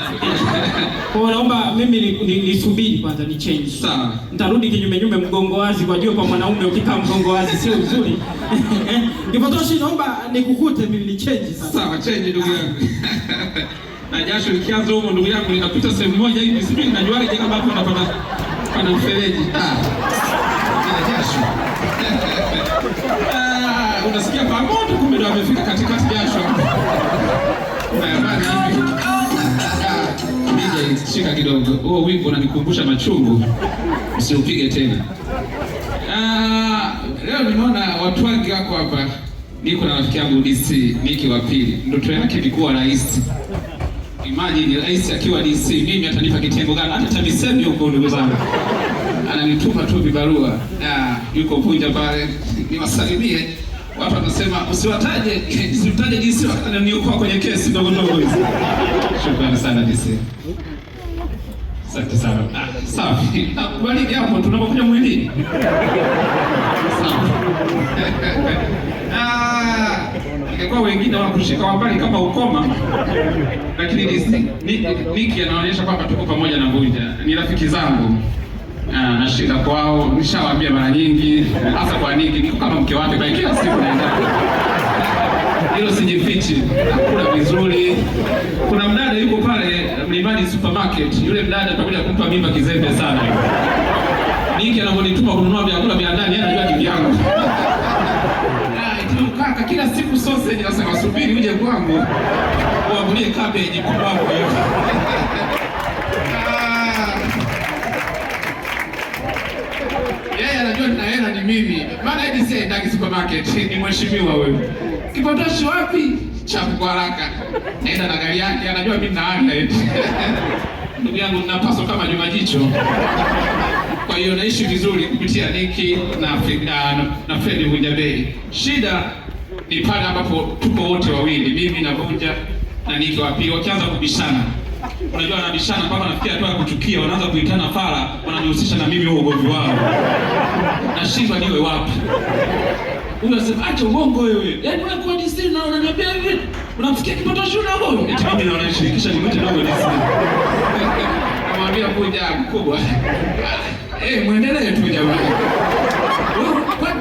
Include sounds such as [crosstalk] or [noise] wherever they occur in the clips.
[laughs] Kwa naomba mimi nisubiri ni, ni kwanza ni change. Sawa. Nitarudi kinyume nyume mgongo wazi kwa jua kwa mwanaume ukikaa mgongo wazi sio uzuri. Kipotoshi [laughs] naomba nikukute mimi ni change sasa. Sawa, change ndugu yangu. [laughs] Na jasho likianza huko ndugu yangu linapita sehemu moja hivi sijui najuaje kama hapo napata pana mfereji. Ah. Na jasho. Ah, unasikia pamoja kumbe ndo amefika katikati jasho. Na bana shika kidogo huo. Oh, wimbo unanikumbusha machungu, usiupige tena. Ah, leo nimeona watu wangi wako hapa. Niko na rafiki yangu DC Niki wa pili, ndoto yake ni kuwa rais. Imagine rais akiwa DC, mimi atanipa kitengo gani? Hata TAMISEMI huko, ndugu zangu, ananituma tu vibarua. yuko Punja pale, niwasalimie watu wanasema usiwataje, [laughs] usimtaje DC, wakananiukoa kwenye kesi ndogo ndogo hizi. Shukrani sana DC. Asante sana. Ah, safi. Kwani ah, hapo tunapokuja mwili? [laughs] Ah, ingekuwa wengine wanakushika wapali kama ukoma. Lakini Niki anaonyesha kwamba tuko pamoja na Mbunja, Ni rafiki zangu. Ah, kwao. Nishawaambia mara nyingi hasa kwa Niki niko kama mke wake kwa kila siku naenda hilo sijifichi, nakula vizuri. Kuna mdada yuko pale Mlimani supermarket, yule mdada tabia kumpa mimba kizembe sana Niki anavyonituma kununua vyakula vya ndani, yeye anajua kivyangu ah, kaka kila siku sausage, Sasa kasubiri uje kwangu uamulie cabbage kubabu ah. yeye anajua tena hela ni mimi, maana hadi sasa ndani supermarket ni mheshimiwa wewe kipotoshi wapi? Chapu kwa haraka, naenda na gari yake, anajua mimi na anda naenda. [laughs] Ndugu yangu ninapaswa kama Juma Jicho. Kwa hiyo naishi vizuri kupitia Niki na Afrika na, na Fred Vunjabei. Shida ni pale ambapo tuko wote wawili, mimi na Vunja na Niki wapi, wakianza kubishana Unajua wanabishana mpaka nafikia hatua ya kuchukia, wanaanza kuitana fara, wananihusisha na mimi, huo ugomvi wao nashindwa niwe wapi unasema acha uongo wewe. Yaani wewe kwa DC na unaniambia hivi. Unafikia kipato shule hapo? Mimi naona nishirikisha nimwite na wewe DC. Namwambia kuja mkubwa. Eh, muendelee tu jamani.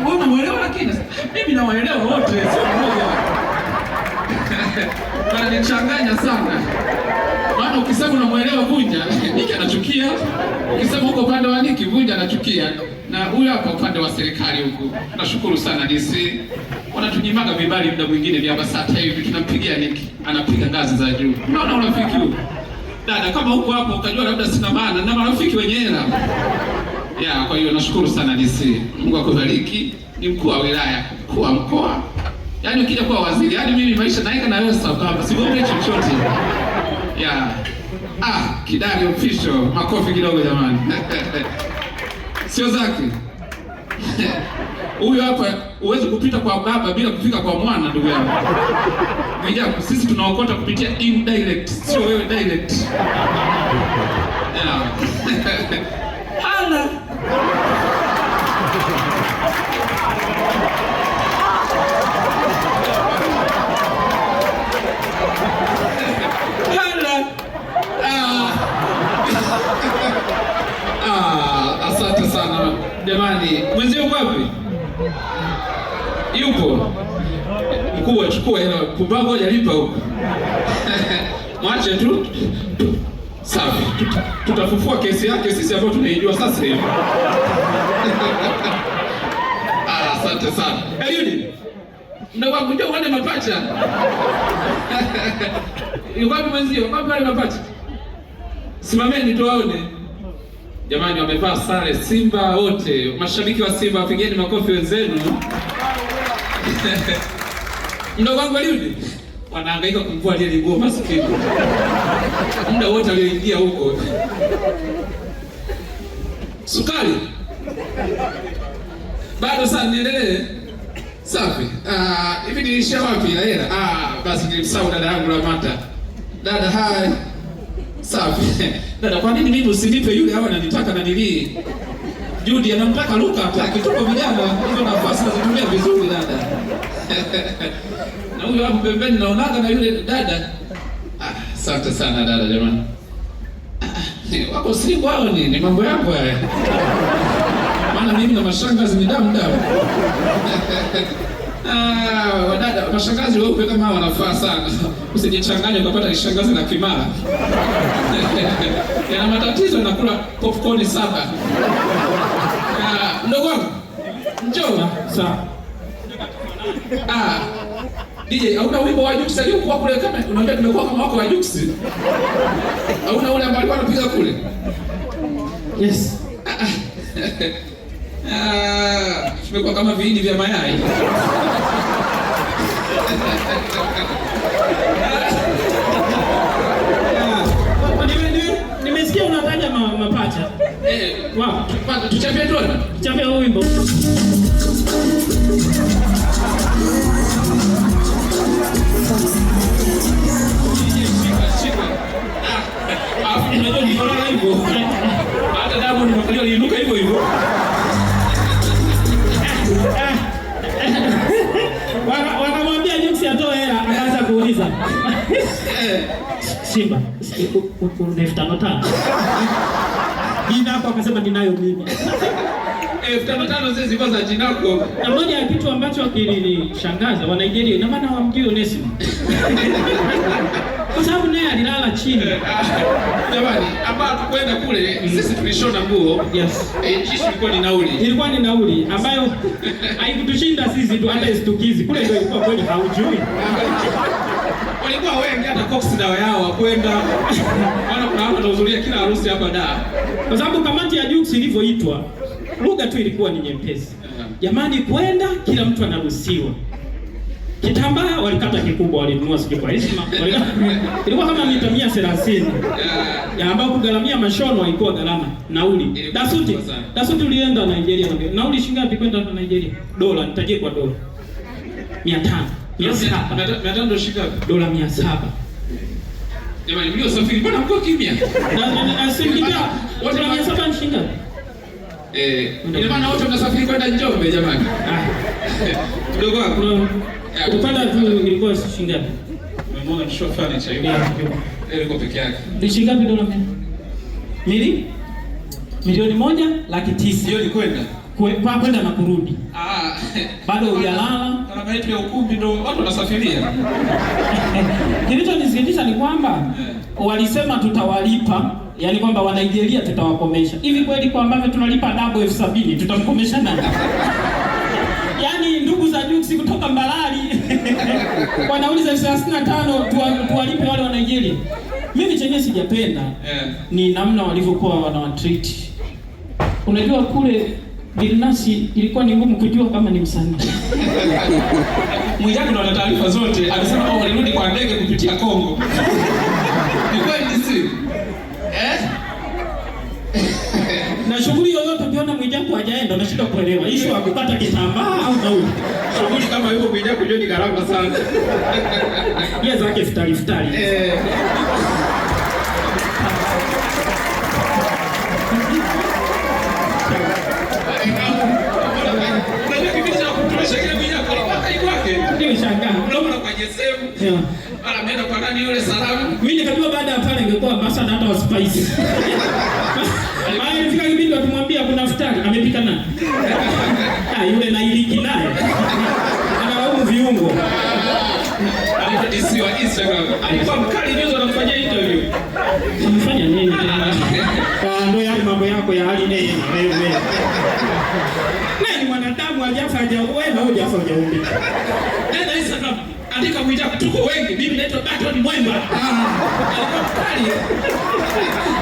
Wewe unaelewa lakini mimi nawaelewa wote sio mmoja. Na nichanganya sana. Maana ukisema unamuelewa Vunja, Niki anachukia. Ukisema uko upande wa Niki, Vunja anachukia na huyo hapa upande wa serikali huko, nashukuru sana DC, wanatunyimaga vibali muda mwingine vya BASATA hivi, tunampigia niki, anapiga ngazi za juu. Unaona urafiki huu dada, kama huko hapo utajua labda sina maana na marafiki wenyewe ya. Kwa hiyo nashukuru sana DC, Mungu akubariki. Ni mkuu wa wilaya, mkuu wa mkoa, yaani ukija kuwa waziri, yaani mimi maisha naika na wewe sawa, kama sibombee chochote ya ah, kidali official, makofi kidogo jamani. [laughs] sio zake huyo hapa. Huwezi kupita kwa baba bila kufika kwa mwana, ndugu yangu Ngoja, Sisi tunaokota kupitia indirect, sio wewe direct. [laughs] [laughs] Hana jamani, mwenzio wapi? Yupo mkuu, achukua hela, pumbavu hajalipa huko [laughs] mwache tu safi, tutafufua kesi yake sisi ambao tunaijua sasa hivi. [laughs] Ah, asante sana Eliudi, ndio wale mapacha [laughs] yuwapi mwenzio, wapi wale mapacha? Simameni tuwaone. Jamani, wamevaa sare Simba wote. Mashabiki wa Simba wapigeni makofi wenzenu. [laughs] Mdogo wangu aliudi wanahangaika kumvua lile nguo maskini muda wote alioingia huko sukari bado. Sasa niendelee. Safi ah, hivi, uh, niliishia wapi hela? Ah, basi nilimsahau dada yangu Lamata. Dada hai Safi. [laughs] Dada, kwa nini mimi usinipe yule au ananitaka na nilii? Judy anamtaka Luka ataki. Tuko vijana, hizo nafasi nazitumia vizuri dada. [laughs] na huyo hapo pembeni naonaga na yule dada. Ah, sana dada jamani. Ah, wako siri kwao ni, ni mambo yako haya. Maana mimi na mashangazi ni damu damu. [laughs] Ah, wadada, mashangazi weupe kama hao wanafaa sana. Usijichanganye ukapata kishangazi na kimara. [laughs] Yana matatizo nakula popcorn saba. Ah, wangu. Njoo sawa. Ah, DJ, hauna wimbo wa Jux aliyokuwa kule kama unaambia tumekuwa kama wako wa Jux. Hauna ule ambao alikuwa anapiga kule. Yes. Ah, ah. ah tumekuwa kama vihindi vya mayai. Nimesikia unataja mapacha. Eh, wao, tuchapie drone. wimbo. Simba, una elfu tano tano jina hapo, akasema ninayo mimi elfu tano tano zilikuwa za jina lako. Na moja ya kitu ambacho kilinishangaza wa Nigeria, ina maana hawamjui Onesimo kwa sababu naye alilala chini. Jamani, hapa tukwenda kule, sisi tulishona nguo. Yes. Eh, ilikuwa ni nauli. Ilikuwa ni nauli ambayo haikutushinda sisi tu, hata isitukizi kule ndio ilikuwa kweli haujui walikuwa wengi, hata Cox na yao wakwenda maana kuna watu wanahudhuria kila harusi hapa da, kwa sababu kamati ya JUCS ilivyoitwa lugha tu ilikuwa ni nyepesi. Jamani, kwenda kila mtu anaruhusiwa. Kitambaa walikata kikubwa, walinunua sijui kwa heshima, [laughs] ilikuwa kama mita 130. thelathini ya ambao kugharamia mashono ilikuwa gharama. Nauli dasuti dasuti, ulienda Nigeria, nauli shilingi ngapi kwenda na Nigeria? Dola, nitajie kwa dola 500 mia saba dola mia saba Jamani, mlio safiri mbona mko kimya? Wote mia saba mshinga. Eh, ina maana wote mnasafiri kwenda Njombe jamani. Ah. [laughs] Mdogo wako. Kupanda tu ilikuwa shilingi ngapi? Umeona mshofa ni cha hiyo. Eh, ilikuwa peke yake. Ni shilingi ngapi dola mia? Mili? Milioni moja laki tisa. Hiyo ni kwenda. Kwenda na kurudi. Ah. Bado hujalala hapa nje ukumbi ndo watu wanasafiria. [laughs] Kilichonisikitisha ni kwamba eh. walisema tutawalipa, yani kwamba wa tutawakomesha. Hivi kweli kwa ambavyo tunalipa adabu elfu sabini tutamkomesha nani? [laughs] Yaani ndugu za Jux kutoka Mbalali kwa [laughs] nauli za elfu thelathini na tano tuwalipe wale wa Nigeria. Mimi chenye sijapenda yeah, ni namna walivyokuwa wanawatreat. Unajua kule Bilnasi ilikuwa ni ngumu kujua kama ni msanii. [laughs] Mwijaku ndo ana taarifa zote, anasema oh, walirudi kwa ndege kupitia Kongo. [laughs] Ni kweli si? Eh? [laughs] Na shughuli yoyote ukiona Mwijaku hajaenda unashindwa kuelewa. Issue akupata kitambaa au nauli. Shughuli kama hiyo Mwijaku ndio ni gharama sana. Yeye zake futari futari. Eh. JSM. Mara ameenda kwa nani yule salamu? Mimi nikajua baada ya pale ingekuwa basa na hata wa spice. Mara [laughs] nifika kibindi wakimwambia kuna futari amepika nani? [laughs] Ah, yule na iliki naye. Analaumu viungo. Alifadisiwa Instagram. Alikuwa mkali juzi anafanya interview. Anafanya nini? [laughs] Ah, ndio yale mambo yako ya hali nene na wewe. Nani mwanadamu ajafa hajaoa na hujafa hujaoa. Nenda Instagram. Andika mwita, tuko wengi. Mimi naitwa Baton Mwemba, ah. alikuwa mkali